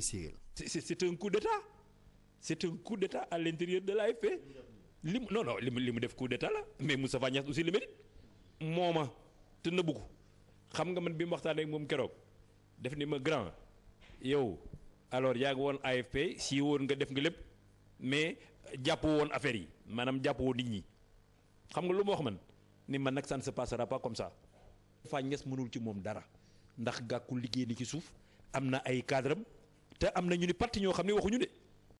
et C'est un coup d'État. C'est un coup d'État à l'intérieur de l'AFP. Non, non, li mu def coup d'État là, mais Moustapha Niasse aussi le mérite moi te nëbbu ko xam nga man bi mu waxtaanee ak moom keroog def ni ma grand yow alors y a un AFP si woon nga def nga lépp mais jàpp woon affaire yi maanaam jàpp woon nit ñi xam nga lu ma ni man nak ça ne se passera pas comme ça. fa Niasse mënul ci mom dara ndax gàkku liggéey ni ci suuf amna ay cadre te am na ñu ni parti ñoo xam ne waxuñu de